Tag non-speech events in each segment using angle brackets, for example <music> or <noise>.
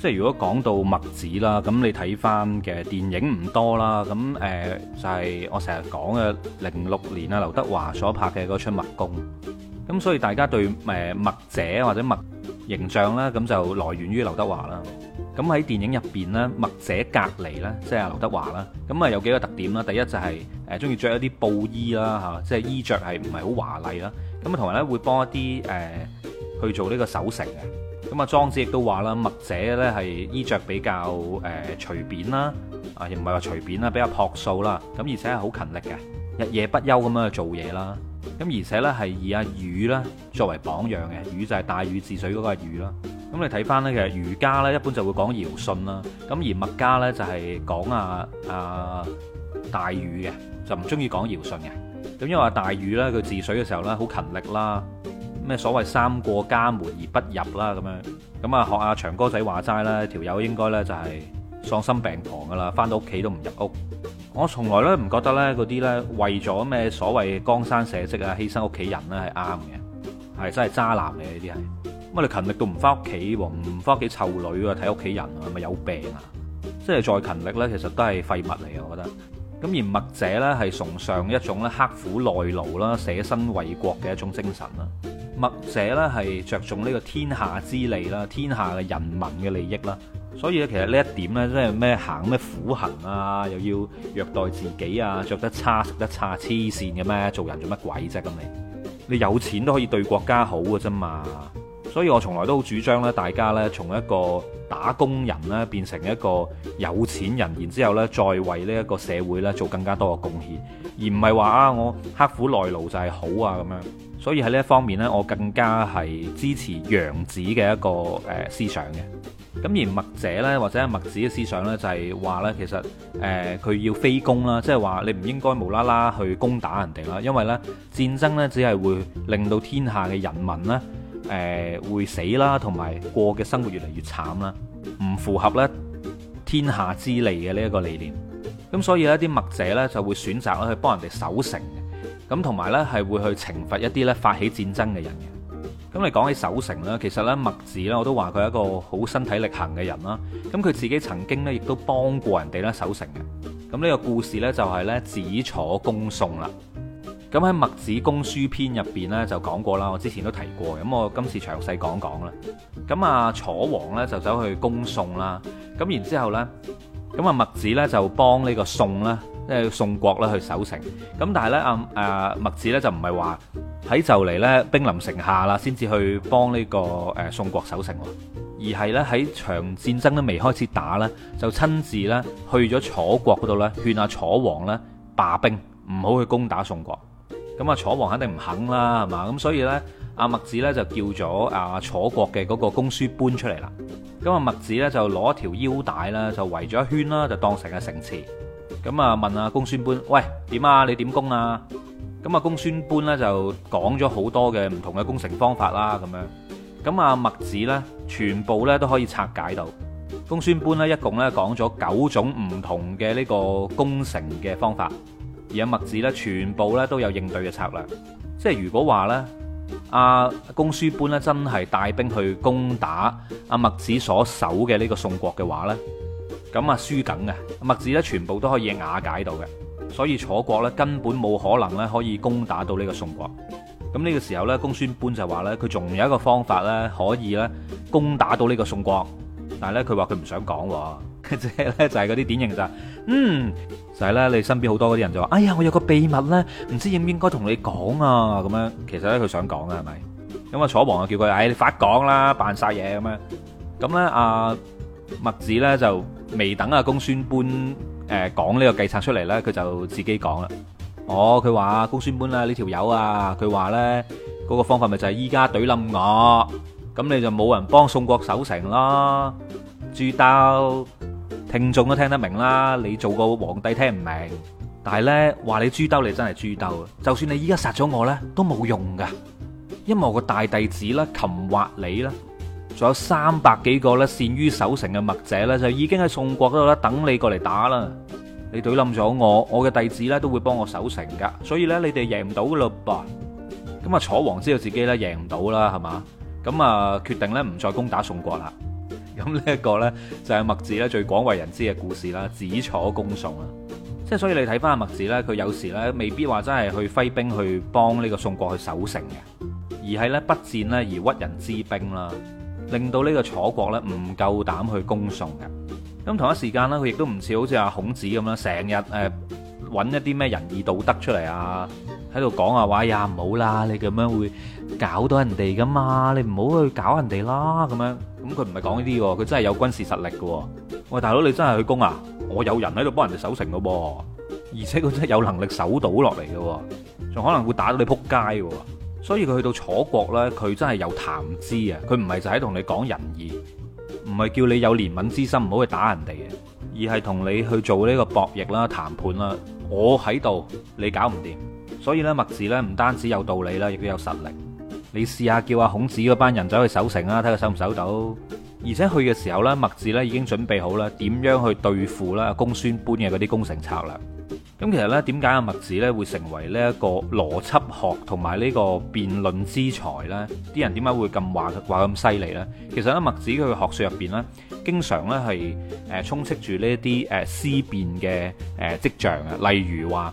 即係如果講到墨子啦，咁你睇翻嘅電影唔多啦，咁誒就係我成日講嘅零六年啊，劉德華所拍嘅嗰出《墨攻》，咁所以大家對誒墨者或者墨形象咧，咁就來源於劉德華啦。咁喺電影入邊咧，墨者隔離咧，即係劉德華啦。咁啊有幾個特點啦，第一就係誒中意著一啲布衣啦嚇，即係衣著係唔係好華麗啦。咁啊同埋咧會幫一啲誒去做呢個守城嘅。咁啊莊子亦都話啦，墨者咧係衣着比較誒隨便啦，啊亦唔係話隨便啦，比較樸素啦。咁而且係好勤力嘅，日夜不休咁樣去做嘢啦。咁而且咧係以阿禹啦作為榜樣嘅，禹就係大禹治水嗰個禹啦。咁你睇翻咧其實儒家咧一般會就會講堯舜啦，咁而墨家咧就係講啊啊大禹嘅，就唔中意講堯舜嘅。咁因為阿大禹咧佢治水嘅時候咧好勤力啦。咩所謂三過家門而不入啦咁樣，咁啊學阿長哥仔話齋啦，條友應該呢就係喪心病狂噶啦，翻到屋企都唔入屋。我從來咧唔覺得呢嗰啲呢，為咗咩所謂江山社稷啊犧牲屋企人呢係啱嘅，係真係渣男嚟呢啲係。咁啊你勤力到唔翻屋企，唔翻屋企湊女啊睇屋企人啊咪有病啊！即係再勤力呢，其實都係廢物嚟嘅。我覺得。咁而墨者呢，係崇尚一種咧刻苦耐勞啦、捨身為國嘅一種精神啦。墨者呢，係着重呢個天下之利啦、天下嘅人民嘅利益啦。所以咧，其實呢一點呢，真係咩行咩苦行啊，又要虐待自己啊，着得差、食得差，黐線嘅咩？做人做乜鬼啫？咁你你有錢都可以對國家好㗎啫嘛。所以我從來都好主張咧，大家咧從一個打工人咧變成一個有錢人，然之後咧再為呢一個社會咧做更加多嘅貢獻，而唔係話啊我刻苦耐勞就係好啊咁樣。所以喺呢一方面咧，我更加係支持楊子嘅一個誒思想嘅。咁而墨者咧或者係墨子嘅思想咧，就係話咧其實誒佢、呃、要非攻啦，即係話你唔應該無啦啦去攻打人哋啦，因為咧戰爭咧只係會令到天下嘅人民咧。誒，會死啦，同埋過嘅生活越嚟越慘啦，唔符合咧天下之利嘅呢一個理念。咁所以呢啲墨者呢，就會選擇咧去幫人哋守城。咁同埋呢，係會去懲罰一啲呢發起戰爭嘅人。咁你講起守城呢，其實呢，墨子呢，我都話佢係一個好身體力行嘅人啦。咁佢自己曾經呢，亦都幫過人哋啦守城嘅。咁呢個故事呢，就係呢子楚攻宋啦。咁喺墨子公輸篇入邊咧就講過啦，我之前都提過，咁我今次詳細講講啦。咁啊，楚王咧就走去攻宋啦，咁然之後咧，咁啊墨子咧就幫呢個宋啦，即係宋國啦去守城。咁但係咧啊誒、啊、墨子咧就唔係話喺就嚟咧兵臨城下啦先至去幫呢、呢個誒、呃、宋國守城，而係咧喺場戰爭都未開始打咧，就親自咧去咗楚國嗰度咧勸阿、啊、楚王咧罷兵，唔好去攻打宋國。咁啊，楚王肯定唔肯啦，係嘛？咁所以咧，阿墨子咧就叫咗阿楚國嘅嗰個公輸班出嚟啦。咁啊，墨子咧就攞一條腰帶啦，就圍咗一圈啦，就當成個城池。咁啊，問阿公孫班：喂，點啊？你點攻啊？咁啊，公孫班咧就講咗好多嘅唔同嘅攻城方法啦，咁樣。咁啊，墨子咧全部咧都可以拆解到。公孫班咧一共咧講咗九種唔同嘅呢個攻城嘅方法。而阿墨子咧，全部咧都有應對嘅策略。即係如果話咧，阿公孫搬咧真係帶兵去攻打阿墨子所守嘅呢個宋國嘅話咧，咁啊輸梗嘅，阿墨子咧，全部都可以瓦解到嘅。所以楚國咧根本冇可能咧可以攻打到呢個宋國。咁呢個時候咧，公孫搬就話咧，佢仲有一個方法咧可以咧攻打到呢個宋國。但係咧，佢話佢唔想講，即係咧就係嗰啲典型咋，嗯，就係咧你身邊好多嗰啲人就話，哎呀，我有個秘密咧，唔知應唔應該同你講啊，咁樣，其實咧佢想講啊，係咪？咁啊，楚王就叫佢，哎，你快講啦，扮晒嘢咁樣，咁咧阿墨子咧就未等阿公孫搬，誒講呢個計策出嚟咧，佢就自己講啦。哦，佢話阿公孫搬呢條友啊，佢話咧嗰個方法咪就係依家懟冧我。咁你就冇人幫宋國守城啦？豬兜聽眾都聽得明啦。你做個皇帝聽唔明，但係呢話你豬兜你真係豬兜，就算你依家殺咗我呢，都冇用噶，因為我個大弟子啦擒獲你啦，仲有三百幾個呢，善於守城嘅墨者呢，就已經喺宋國嗰度啦等你過嚟打啦。你懟冧咗我，我嘅弟子呢，都會幫我守城噶，所以呢，你哋贏唔到嘞噃。咁啊楚王知道自己呢，贏唔到啦，係嘛？咁啊，決定咧唔再攻打宋國啦。咁呢一個呢，就係墨子咧最廣為人知嘅故事啦，子楚攻宋啊。即係所以你睇翻阿墨子呢，佢有時呢未必話真係去揮兵去幫呢個宋國去守城嘅，而係呢不戰呢而屈人之兵啦，令到呢個楚國呢唔夠膽去攻宋嘅。咁同一時間呢，佢亦都唔似好似阿孔子咁樣，成日揾一啲咩仁義道德出嚟啊，喺度講啊話呀唔好啦，你咁樣會搞到人哋噶嘛，你唔好去搞人哋啦。咁樣，咁佢唔係講呢啲，佢真係有軍事實力嘅。喂，大佬，你真係去攻啊？我有人喺度幫人哋守城嘅，啊，而且佢真係有能力守到落嚟嘅，仲可能會打到你扑街，啊。所以佢去到楚國呢，佢真係有談資啊！佢唔係就喺同你講仁義，唔係叫你有憐憫之心，唔好去打人哋嘅，而係同你去做呢個博弈啦、談判啦。我喺度，你搞唔掂。所以呢，墨子呢，唔單止有道理啦，亦都有實力。你試下叫阿孔子嗰班人走去守城啦，睇佢守唔守到？而且去嘅時候咧，墨子咧已經準備好啦，點樣去對付啦公孫般嘅嗰啲攻城策略？咁其實咧，點解阿墨子咧會成為呢一個邏輯學同埋呢個辯論之才咧？啲人點解會咁話話咁犀利咧？其實咧，墨子佢嘅學術入邊咧，經常咧係誒充斥住呢一啲誒思辨嘅誒跡象啊，例如話。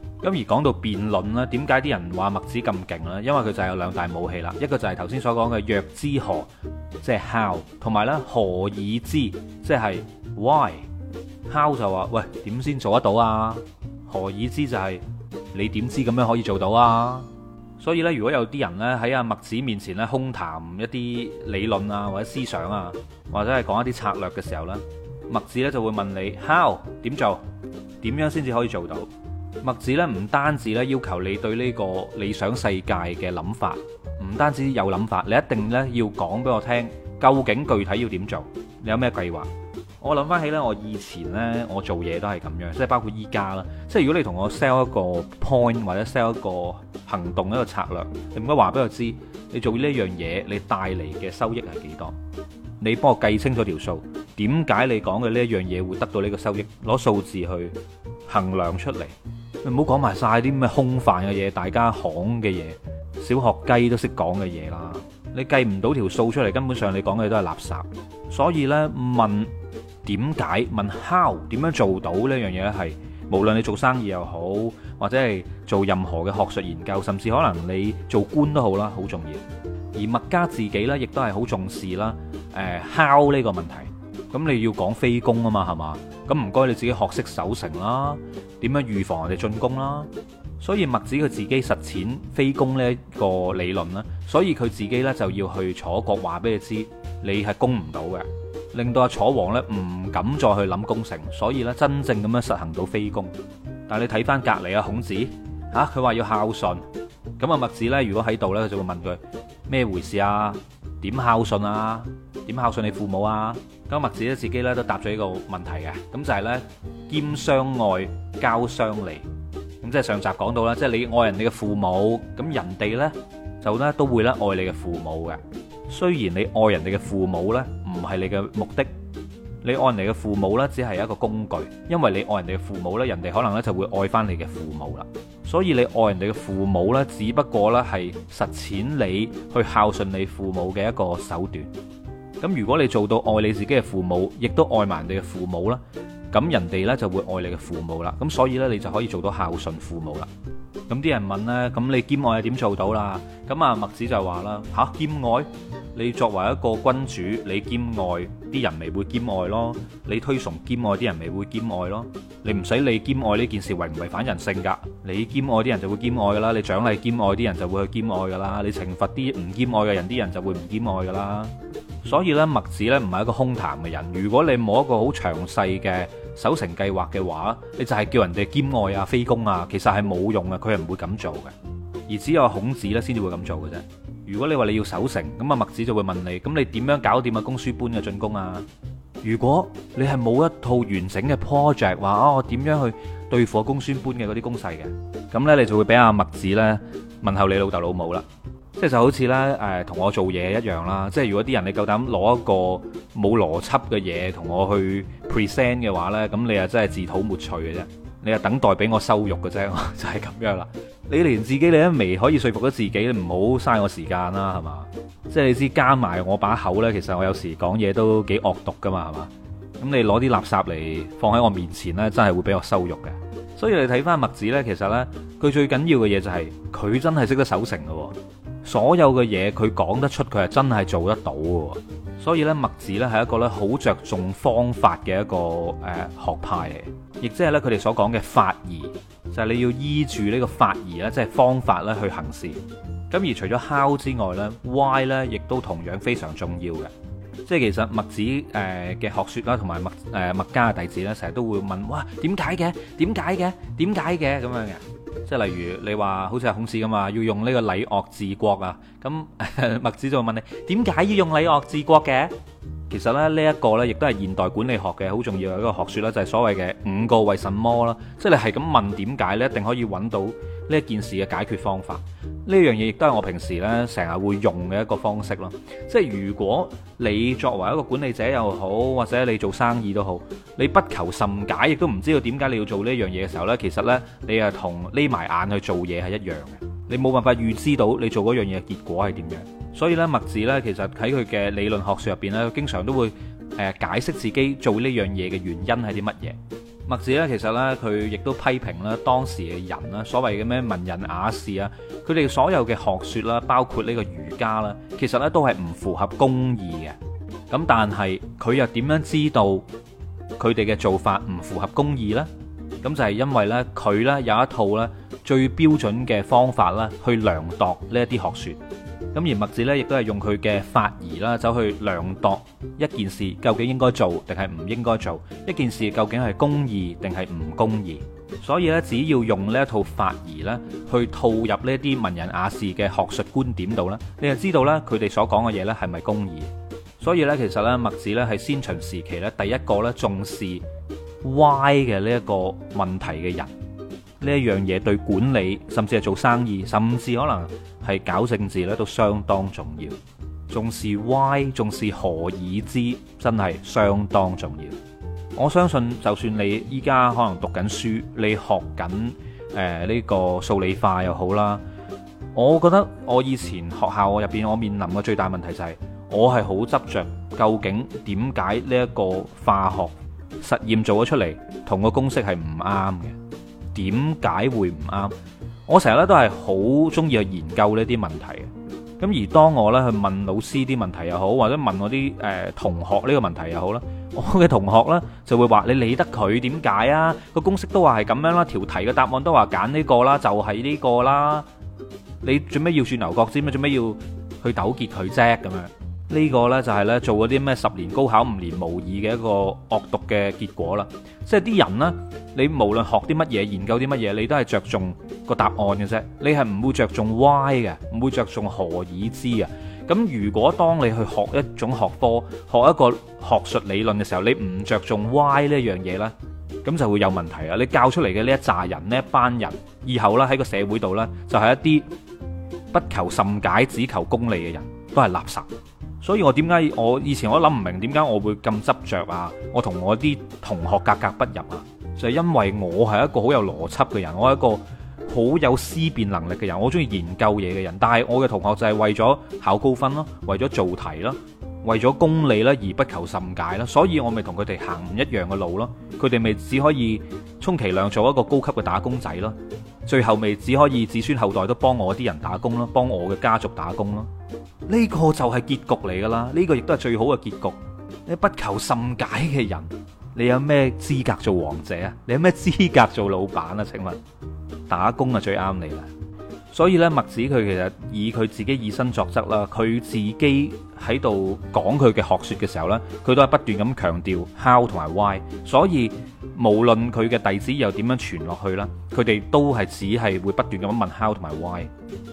咁而講到辯論咧，點解啲人話墨子咁勁呢？因為佢就係有兩大武器啦，一個就係頭先所講嘅若之何，即係 how，同埋咧何以知，即係 why。how 就話喂點先做得到啊？何以知就係、是、你點知咁樣可以做到啊？所以咧，如果有啲人咧喺阿墨子面前咧，空談一啲理論啊，或者思想啊，或者係講一啲策略嘅時候咧，墨子咧就會問你 how 點做，點樣先至可以做到？墨子咧唔單止咧要求你對呢個理想世界嘅諗法，唔單止有諗法，你一定咧要講俾我聽，究竟具體要點做？你有咩計劃？我諗翻起咧，我以前呢，我做嘢都係咁樣，即係包括依家啦。即係如果你同我 sell 一個 point 或者 sell 一個行動一個策略，你唔該話俾我知，你做呢一樣嘢你帶嚟嘅收益係幾多？你幫我計清楚條數，點解你講嘅呢一樣嘢會得到呢個收益？攞數字去衡量出嚟。唔好講埋晒啲咩空泛嘅嘢，大家行嘅嘢，小學雞都識講嘅嘢啦。你計唔到條數出嚟，根本上你講嘅都係垃圾。所以呢，問點解？問 how 點樣做到呢樣嘢咧？係無論你做生意又好，或者係做任何嘅學術研究，甚至可能你做官都好啦，好重要。而墨家自己呢，亦都係好重視啦。誒，uh，how 呢個問題？咁你要講非攻啊嘛，係嘛？咁唔該你自己學識守城啦，點樣預防人哋進攻啦？所以墨子佢自己實踐非攻呢一個理論啦，所以佢自己呢就要去楚國話俾你知，你係攻唔到嘅，令到阿楚王呢唔敢再去諗攻城，所以咧真正咁樣實行到非攻。但係你睇翻隔籬啊孔子，吓佢話要孝順，咁啊墨子呢，如果喺度呢，佢就會問佢咩回事啊？點孝順啊？點孝順啊？點孝順你父母啊？咁墨子咧自己咧都答咗呢個問題嘅，咁就係咧兼相愛交相利，咁即係上集講到啦，即係你愛人哋嘅父母，咁人哋咧就咧都會咧愛你嘅父母嘅。雖然你愛人哋嘅父母咧唔係你嘅目的，你愛人哋嘅父母咧只係一個工具，因為你愛人哋嘅父母咧，人哋可能咧就會愛翻你嘅父母啦。所以你愛人哋嘅父母咧，只不過咧係實踐你去孝順你父母嘅一個手段。咁如果你做到愛你自己嘅父母，亦都愛埋人哋嘅父母啦，咁人哋呢就會愛你嘅父母啦。咁所以呢你就可以做到孝順父母啦。咁啲人問呢，咁你兼愛係點做到啦？咁啊墨子就話啦吓，兼愛，你作為一個君主，你兼愛啲人咪會兼愛咯。你推崇兼愛啲人咪會兼愛咯。你唔使理兼愛呢件事違唔違反人性噶。你兼愛啲人就會兼愛噶啦。你獎勵兼愛啲人就會去兼愛噶啦。你懲罰啲唔兼愛嘅人，啲人就會唔兼愛噶啦。所以咧，墨子咧唔係一個空談嘅人。如果你冇一個好詳細嘅守城計劃嘅話，你就係叫人哋兼愛啊、非攻啊，其實係冇用嘅。佢係唔會咁做嘅，而只有孔子咧先至會咁做嘅啫。如果你話你要守城，咁啊墨子就會問你，咁你點樣搞掂啊公輸般嘅進攻啊？如果你係冇一套完整嘅 project，話哦點樣去對付公孫般嘅嗰啲攻勢嘅，咁呢，你就會俾阿墨子呢問候你老豆老母啦。即係就好似咧，誒、哎、同我做嘢一樣啦。即係如果啲人你夠膽攞一個冇邏輯嘅嘢同我去 present 嘅話呢，咁你啊真係自討沒趣嘅啫。你啊等待俾我羞辱嘅啫， <laughs> 就係咁樣啦。你連自己你都未可以說服咗自己，你唔好嘥我時間啦，係嘛？即係你知加埋我把口呢，其實我有時講嘢都幾惡毒噶嘛，係嘛？咁你攞啲垃圾嚟放喺我面前呢，真係會俾我羞辱嘅。所以你睇翻墨子呢，其實呢，佢最緊要嘅嘢就係佢真係識得守城嘅。所有嘅嘢佢講得出，佢係真係做得到嘅。所以呢，墨子呢係一個咧好着重方法嘅一個誒學派嚟，亦即係呢，佢哋所講嘅法義，就係、是、你要依住呢個法義咧，即、就、係、是、方法呢去行事。咁而除咗 How 之外呢，Why 咧亦都同樣非常重要嘅。即係其實墨子誒嘅學說啦，同埋墨誒墨家嘅弟子呢，成日都會問，哇，點解嘅？點解嘅？點解嘅？咁樣嘅？即係例如你話好似係孔子咁啊，要用呢個禮樂治國啊。咁墨 <laughs> 子就會問你點解要用禮樂治國嘅？其實咧呢一、個呢，亦都係現代管理學嘅好重要嘅一個學説啦，就係、是、所謂嘅五個、就是、為什麼啦。即係你係咁問點解咧，一定可以揾到，呢一件事嘅解決方法，呢樣嘢亦都係我平時呢成日會用嘅一個方式咯。即係如果你作為一個管理者又好，或者你做生意都好，你不求甚解，亦都唔知道點解你要做呢樣嘢嘅時候，呢其實呢，你係同匿埋眼去做嘢係一樣嘅，你冇辦法預知到你做嗰樣嘢嘅結果係點樣。所以呢，墨子呢，其實喺佢嘅理論學説入邊呢，經常都會誒解釋自己做呢樣嘢嘅原因係啲乜嘢。墨子咧，其實咧，佢亦都批評咧當時嘅人啦，所謂嘅咩文人雅士啊，佢哋所有嘅學説啦，包括呢個儒家啦，其實咧都係唔符合公義嘅。咁但係佢又點樣知道佢哋嘅做法唔符合公義呢？咁就係因為咧，佢咧有一套咧最標準嘅方法啦，去量度呢一啲學説。咁而墨子咧，亦都係用佢嘅法儀啦，走去量度一件事究竟應該做定係唔應該做，一件事究竟係公義定係唔公義。所以咧，只要用呢一套法儀咧，去套入呢啲文人雅士嘅學術觀點度啦，你就知道咧佢哋所講嘅嘢咧係咪公義？所以咧，其實咧墨子咧係先秦時期咧第一個咧重視 why 嘅呢一個問題嘅人。呢一樣嘢對管理，甚至係做生意，甚至可能係搞政治咧，都相當重要。重視 why，重視何以知，真係相當重要。我相信，就算你依家可能讀緊書，你學緊誒呢個數理化又好啦。我覺得我以前學校入邊，我面臨嘅最大問題就係，我係好執着，究竟點解呢一個化學實驗做咗出嚟，同個公式係唔啱嘅。點解會唔啱？我成日咧都係好鍾意去研究呢啲問題嘅。咁而當我咧去問老師啲問題又好，或者問我啲誒同學呢個問題又好啦，我嘅同學咧就會話：你理得佢點解啊？個公式都話係咁樣啦，條題嘅答案都話揀呢個啦，就係呢個啦。你做咩要鑽牛角尖？做咩要去糾結佢啫？咁樣。呢個呢，就係咧做嗰啲咩十年高考五年模擬嘅一個惡毒嘅結果啦。即係啲人呢，你無論學啲乜嘢、研究啲乜嘢，你都係着重個答案嘅啫。你係唔會着重 Y 嘅，唔會着重何以知啊。咁如果當你去學一種學科、學一個學術理論嘅時候，你唔着重 Y 呢樣嘢呢，咁就會有問題啦。你教出嚟嘅呢一紮人、呢一班人，以後呢，喺個社會度呢，就係一啲不求甚解、只求功利嘅人都係垃圾。所以我點解我以前我諗唔明點解我會咁執着啊？我同我啲同學格格不入啊，就係因為我係一個好有邏輯嘅人，我係一個好有思辨能力嘅人，我中意研究嘢嘅人。但係我嘅同學就係為咗考高分咯，為咗做題咯，為咗功利咧而不求甚解咧，所以我咪同佢哋行唔一樣嘅路咯。佢哋咪只可以充其量做一個高級嘅打工仔咯。最後咪只可以子孫後代都幫我啲人打工咯，幫我嘅家族打工咯，呢個就係結局嚟噶啦，呢個亦都係最好嘅結局。你不求甚解嘅人，你有咩資格做王者啊？你有咩資格做老闆啊？請問，打工啊最啱你啦。所以咧，墨子佢其實以佢自己以身作則啦，佢自己喺度講佢嘅學説嘅時候呢，佢都係不斷咁強調 how 同埋 why。所以無論佢嘅弟子又點樣傳落去啦，佢哋都係只係會不斷咁問 how 同埋 why。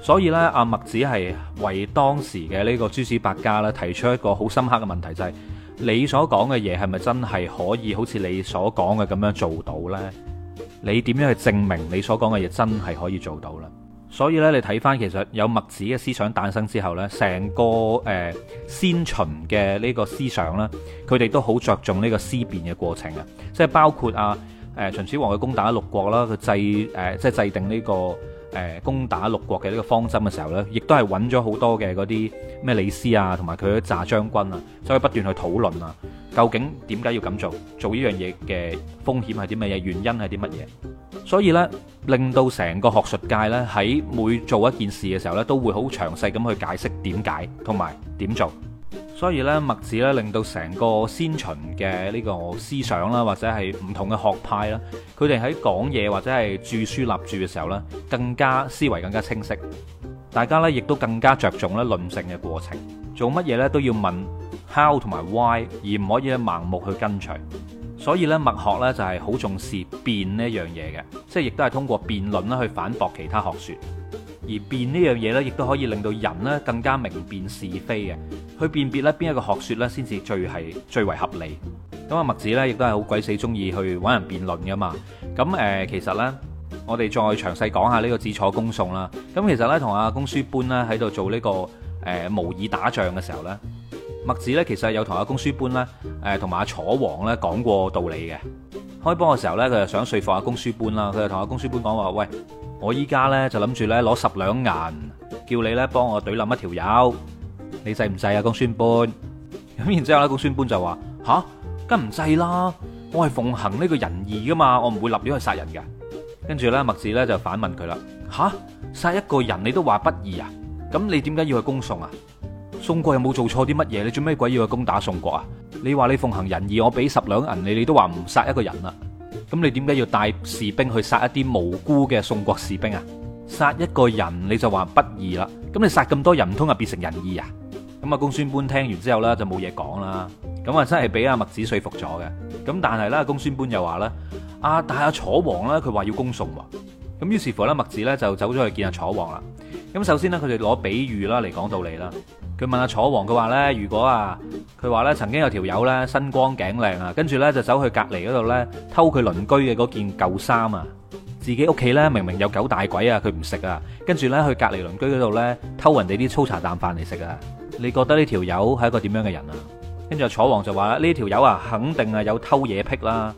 所以呢，阿墨子係為當時嘅呢個諸子百家咧提出一個好深刻嘅問題，就係你所講嘅嘢係咪真係可以好似你所講嘅咁樣做到呢？你點樣去證明你所講嘅嘢真係可以做到呢？所以咧，你睇翻其實有墨子嘅思想誕生之後呢，成個誒、呃、先秦嘅呢個思想呢，佢哋都好着重呢個思辨嘅過程啊，即係包括啊誒、呃、秦始皇去攻打六國啦，佢制誒即係制定呢、呢個誒、呃、攻打六國嘅呢個方針嘅時候呢，亦都係揾咗好多嘅嗰啲咩李斯啊，同埋佢啲雜將軍啊，所以不斷去討論啊，究竟點解要咁做？做呢樣嘢嘅風險係啲乜嘢？原因係啲乜嘢？所以呢，令到成個學術界咧，喺每做一件事嘅時候咧，都會好詳細咁去解釋點解同埋點做。所以咧，墨子咧，令到成個先秦嘅呢個思想啦，或者係唔同嘅學派啦，佢哋喺講嘢或者係著書立著嘅時候咧，更加思維更加清晰。大家咧亦都更加著重咧論證嘅過程，做乜嘢咧都要問 how 同埋 why，而唔可以盲目去跟隨。所以咧，墨學咧就係好重視辯呢樣嘢嘅，即係亦都係通過辯論啦去反駁其他學說。而辯呢樣嘢咧，亦都可以令到人咧更加明辨是非嘅，去辨別咧邊一個學說咧先至最係最為合理。咁啊，墨子咧亦都係好鬼死鍾意去揾人辯論㗎嘛。咁誒、呃，其實咧，我哋再詳細講下呢個止楚攻宋啦。咁其實咧，同阿公輸般咧喺度做呢、呢個誒、呃、模擬打仗嘅時候咧。墨子咧，其實有同阿公輸班咧，誒，同埋阿楚王咧講過道理嘅。開波嘅時候咧，佢就想說服阿公輸班啦，佢就同阿公輸班講話：，喂，我依家咧就諗住咧攞十兩銀，叫你咧幫我懟冧一條友，你制唔制啊？公輸班。」咁，然之後咧，公輸班就話：，吓，梗唔制啦，我係奉行呢個仁義噶嘛，我唔會立亂去殺人嘅。跟住咧，墨子咧就反問佢啦：，吓、啊，殺一個人你都話不義啊？咁你點解要去攻宋啊？宋國有冇做錯啲乜嘢？你做咩鬼要去攻打宋國啊？你話你奉行仁義，我俾十兩銀你，你都話唔殺一個人啊。咁你點解要帶士兵去殺一啲無辜嘅宋國士兵啊？殺一個人你就話不義啦。咁你殺咁多人，唔通啊變成仁義啊？咁啊，公孫般聽完之後呢，就冇嘢講啦。咁啊，真係俾阿墨子說服咗嘅。咁但係啦，公孫般又話呢：「啊，但係阿、啊、楚王呢，佢話要攻宋喎。咁於是乎呢，墨子呢就走咗去見阿、啊、楚王啦。咁首先呢，佢哋攞比喻啦嚟講道理啦。佢問阿、啊、楚王，佢話咧：如果啊，佢話咧，曾經有條友咧，身光頸靚啊，跟住咧就走去隔離嗰度咧偷佢鄰居嘅嗰件舊衫啊，自己屋企咧明明有狗大鬼啊，佢唔食啊，跟住咧去隔離鄰居嗰度咧偷人哋啲粗茶淡飯嚟食啊。你覺得呢條友係一個點樣嘅人啊？跟住、啊、楚王就話咧：呢條友啊，肯定係有偷嘢癖啦。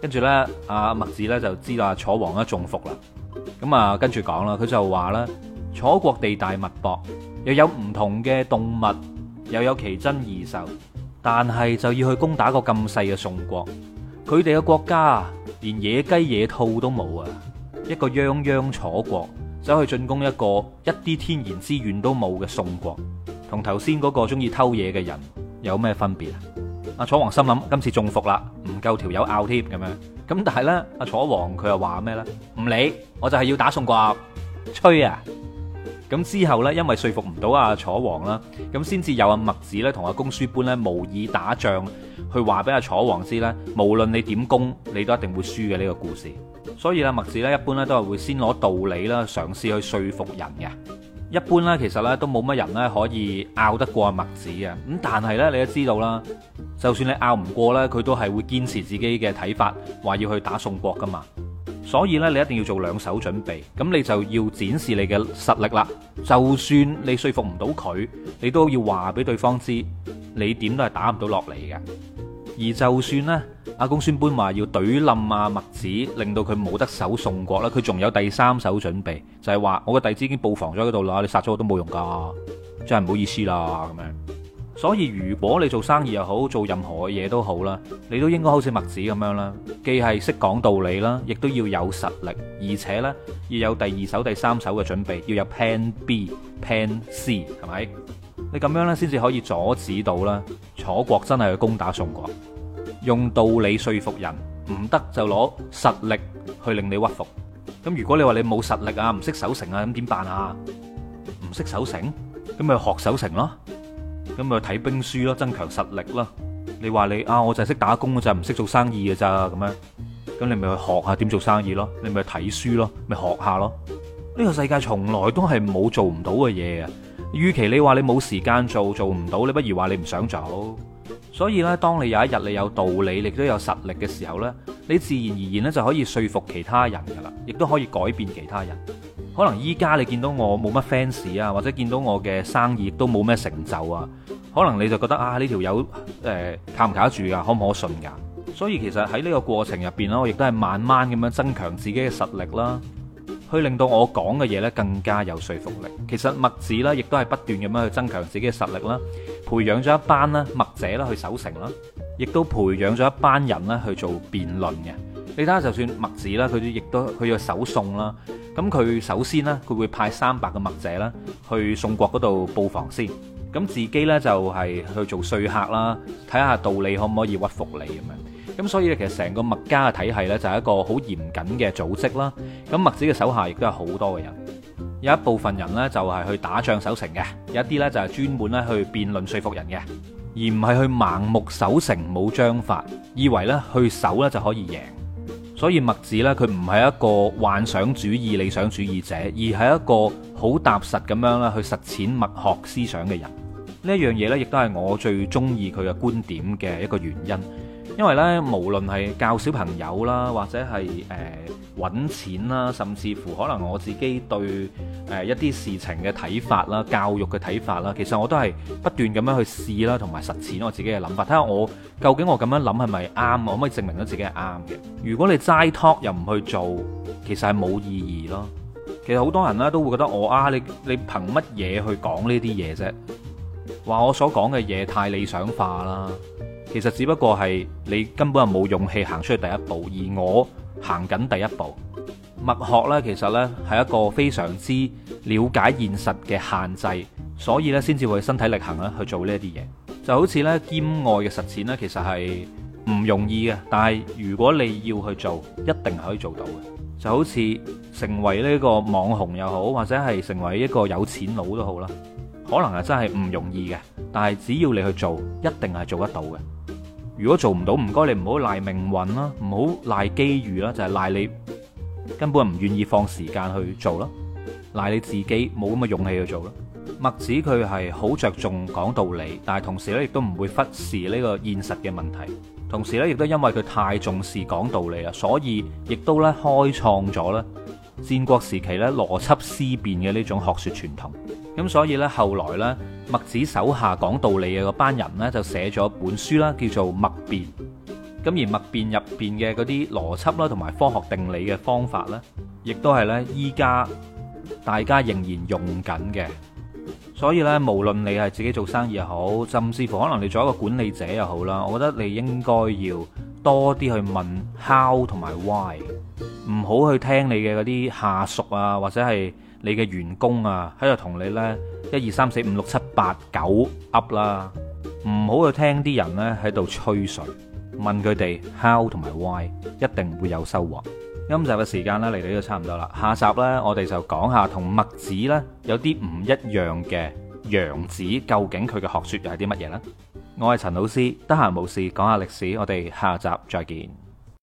跟住咧，阿、啊、墨子咧就知道阿楚王啊中伏啦。咁啊，跟住講啦，佢就話咧：楚國地大物博。又有唔同嘅動物，又有奇珍異獸，但係就要去攻打個咁細嘅宋國，佢哋嘅國家連野雞野兔都冇啊！一個泱泱楚國走去進攻一個一啲天然資源都冇嘅宋國，同頭先嗰個中意偷嘢嘅人有咩分別啊？阿楚王心諗今次中伏啦，唔夠條友拗添咁樣，咁但係呢，阿楚王佢又話咩呢？「唔理，我就係要打宋國。」吹啊！咁之後呢，因為說服唔到阿楚王啦，咁先至有阿墨子咧同阿公輸般咧模擬打仗，去話俾阿楚王知咧，無論你點攻，你都一定會輸嘅呢個故事。所以啦，墨子咧一般咧都係會先攞道理啦，嘗試去說服人嘅。一般咧其實咧都冇乜人咧可以拗得過阿墨子嘅。咁但係咧你都知道啦，就算你拗唔過咧，佢都係會堅持自己嘅睇法，話要去打宋國噶嘛。所以咧，你一定要做兩手準備，咁你就要展示你嘅實力啦。就算你說服唔到佢，你都要話俾對方知，你點都係打唔到落嚟嘅。而就算呢，阿公孫搬話要懟冧啊墨子，令到佢冇得守宋國啦，佢仲有第三手準備，就係話我個弟子已經布防咗喺度啦，你殺咗我都冇用噶，真係唔好意思啦咁樣。所以如果你做生意又好，做任何嘢都好啦，你都應該好似墨子咁樣啦，既係識講道理啦，亦都要有實力，而且呢，要有第二手、第三手嘅準備，要有 Plan B、Plan C，係咪？你咁樣呢，先至可以阻止到啦。楚國真係去攻打宋國，用道理說服人，唔得就攞實力去令你屈服。咁如果你話你冇實力啊，唔識守城啊，咁點辦啊？唔識守城，咁咪學守城咯。咁咪睇兵書咯，增強實力咯。你話你啊，我就係識打工嘅咋，唔識做生意嘅咋咁樣。咁你咪去學下點做生意咯，你咪去睇書咯，咪學下咯。呢個世界從來都係冇做唔到嘅嘢啊！與其你話你冇時間做，做唔到，你不如話你唔想做。所以呢，當你有一日你有道理，你都有實力嘅時候呢，你自然而然呢就可以說服其他人噶啦，亦都可以改變其他人。可能依家你見到我冇乜 fans 啊，或者見到我嘅生意都冇咩成就啊，可能你就覺得啊，呢條友誒靠唔靠得住啊，可唔可信㗎、啊？所以其實喺呢個過程入邊啦，我亦都係慢慢咁樣增強自己嘅實力啦、啊，去令到我講嘅嘢呢更加有說服力。其實墨子呢，亦都係不斷咁樣去增強自己嘅實力啦、啊，培養咗一班咧墨者咧去守城啦、啊，亦都培養咗一班人咧去做辯論嘅。你睇下，就算墨子啦，佢亦都佢要守宋啦。咁佢首先啦，佢會派三百個墨者啦去宋國嗰度布防先。咁自己咧就係去做說客啦，睇下道理可唔可以屈服你咁樣。咁所以咧，其實成個墨家嘅體系咧就係一個好嚴謹嘅組織啦。咁墨子嘅手下亦都有好多嘅人，有一部分人咧就係去打仗守城嘅，有一啲咧就係專門咧去辯論說服人嘅，而唔係去盲目守城冇章法，以為咧去守咧就可以贏。所以墨子呢，佢唔係一個幻想主義、理想主義者，而係一個好踏實咁樣咧去實踐墨學思想嘅人。呢一樣嘢呢，亦都係我最中意佢嘅觀點嘅一個原因。因為呢，無論係教小朋友啦，或者係誒搵錢啦，甚至乎可能我自己對誒一啲事情嘅睇法啦、教育嘅睇法啦，其實我都係不斷咁樣去試啦，同埋實踐我自己嘅諗法，睇下我究竟我咁樣諗係咪啱，我可唔可以證明到自己係啱嘅？如果你齋 talk 又唔去做，其實係冇意義咯。其實好多人咧都會覺得我啊，你你憑乜嘢去講呢啲嘢啫？話我所講嘅嘢太理想化啦。其實只不過係你根本係冇勇氣行出去第一步，而我行緊第一步。墨學呢，其實呢係一個非常之了解現實嘅限制，所以呢先至會身體力行啦去做呢啲嘢。就好似呢，兼愛嘅實踐呢，其實係唔容易嘅。但係如果你要去做，一定係可以做到嘅。就好似成為呢個網紅又好，或者係成為一個有錢佬都好啦，可能係真係唔容易嘅，但係只要你去做，一定係做得到嘅。如果做唔到，唔該你唔好賴命運啦，唔好賴機遇啦，就係賴你根本唔願意放時間去做啦，賴你自己冇咁嘅勇氣去做啦。墨子佢係好着重講道理，但係同時咧亦都唔會忽視呢個現實嘅問題。同時咧亦都因為佢太重視講道理啦，所以亦都咧開創咗咧戰國時期咧邏輯思辨嘅呢種學說傳統。咁所以呢，後來呢。墨子手下講道理嘅嗰班人呢，就寫咗本書啦，叫做《墨辯》。咁而《墨辯》入邊嘅嗰啲邏輯啦，同埋科學定理嘅方法呢，亦都係呢，依家大家仍然用緊嘅。所以呢，無論你係自己做生意又好，甚至乎可能你做一個管理者又好啦，我覺得你應該要多啲去問 how 同埋 why，唔好去聽你嘅嗰啲下屬啊，或者係你嘅員工啊喺度同你呢。一二三四五六七八九，up 啦、uh！唔好去聽啲人呢喺度吹水，問佢哋 how 同埋 why，一定會有收穫。今集嘅時間啦，嚟到呢度差唔多啦。下集呢，我哋就講下同墨子呢有啲唔一樣嘅楊子，究竟佢嘅學說又係啲乜嘢呢？我係陳老師，得閒冇事講下歷史，我哋下集再見。